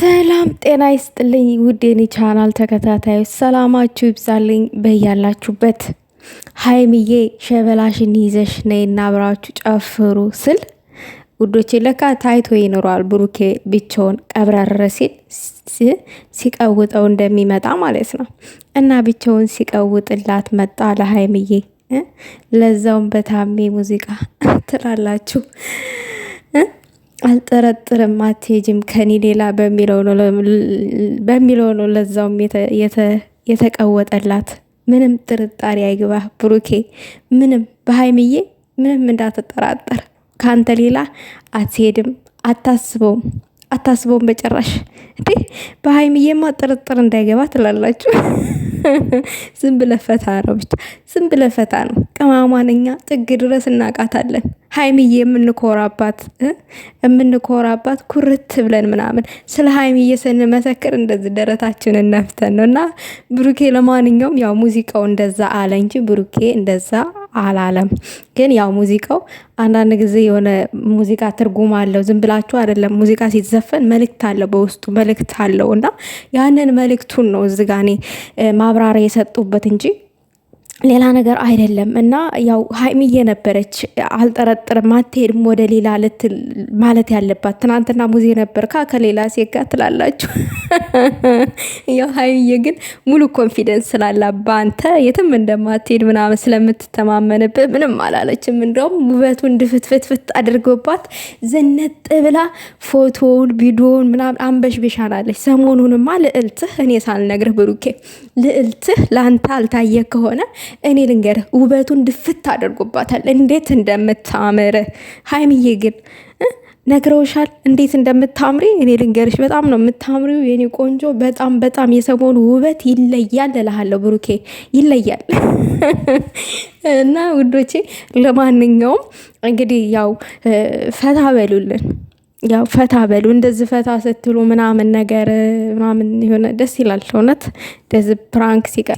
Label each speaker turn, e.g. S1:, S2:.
S1: ሰላም ጤና ይስጥልኝ ውዴኒ ቻናል ተከታታዮች ሰላማችሁ ይብዛልኝ በያላችሁበት። ሀይምዬ ሸበላሽን ይዘሽ ነይና አብራችሁ ጨፍሩ ስል ውዶቼ ለካ ታይቶ ይኖረዋል ብሩኬ ብቻውን ቀብረር ሲል ሲቀውጠው እንደሚመጣ ማለት ነው። እና ብቻውን ሲቀውጥላት መጣ ለሀይሚዬ ለዛውም በታሜ ሙዚቃ ትላላችሁ አልጠረጥርም አትሄጂም ከኔ ሌላ በሚለው ነው ለዛውም የተቀወጠላት። ምንም ጥርጣሬ አይግባ ብሩኬ፣ ምንም በሀይምዬ ምንም እንዳትጠራጠር። ከአንተ ሌላ አትሄድም፣ አታስበውም፣ አታስበውም በጭራሽ። እንዴ በሀይምዬማ ጥርጥር እንዳይገባ ትላላችሁ። ዝም ብለህ ፈታ ነው ብቻ፣ ዝም ብለህ ፈታ ነው። ቅማሟን እኛ ጥግ ድረስ እናቃታለን። ሀይሚዬ የምንኮራባት የምንኮራባት ኩርት ብለን ምናምን ስለ ሀይሚዬ ስንመሰክር እንደዚህ ደረታችንን ነፍተን ነው እና ብሩኬ ለማንኛውም ያው ሙዚቃው እንደዛ አለ እንጂ ብሩኬ እንደዛ አላለም። ግን ያው ሙዚቃው አንዳንድ ጊዜ የሆነ ሙዚቃ ትርጉም አለው። ዝም ብላችሁ አይደለም። ሙዚቃ ሲዘፈን መልእክት አለው፣ በውስጡ መልእክት አለው እና ያንን መልእክቱን ነው እዚህ ማብራሪያ የሰጡበት እንጂ ሌላ ነገር አይደለም። እና ያው ሀይሚዬ ነበረች አልጠረጥርም፣ አትሄድም ወደ ሌላ ልትል ማለት ያለባት ትናንትና ሙዜ ነበር ካ ከሌላ ሴት ጋር ትላላችሁ። ያው ሀይሚዬ ግን ሙሉ ኮንፊደንስ ስላላ በአንተ የትም እንደማትሄድ ምናምን ስለምትተማመንብህ ምንም አላለችም። እንደውም ውበቱን ድፍትፍትፍት አድርጎባት ዘነጥ ብላ ፎቶውን ቪዲዮውን ምናምን አንበሽ ብሻናለች። ሰሞኑንማ ልዕልትህ እኔ ሳልነግርህ ብሩኬ ልዕልትህ ለአንተ አልታየ ከሆነ እኔ ልንገር ውበቱን ድፍት አድርጎባታል። እንዴት እንደምታምር ሀይምዬ ግን ነግረውሻል እንዴት እንደምታምሪ? እኔ ልንገርሽ በጣም ነው የምታምሪው የኔ ቆንጆ። በጣም በጣም የሰሞኑ ውበት ይለያል እልሃለሁ ብሩኬ፣ ይለያል። እና ውዶቼ ለማንኛውም እንግዲህ ያው ፈታ በሉልን፣ ያው ፈታ በሉ። እንደዚህ ፈታ ስትሉ ምናምን ነገር ምናምን የሆነ ደስ ይላል እውነት እንደዚህ ፕራንክ ሲቀ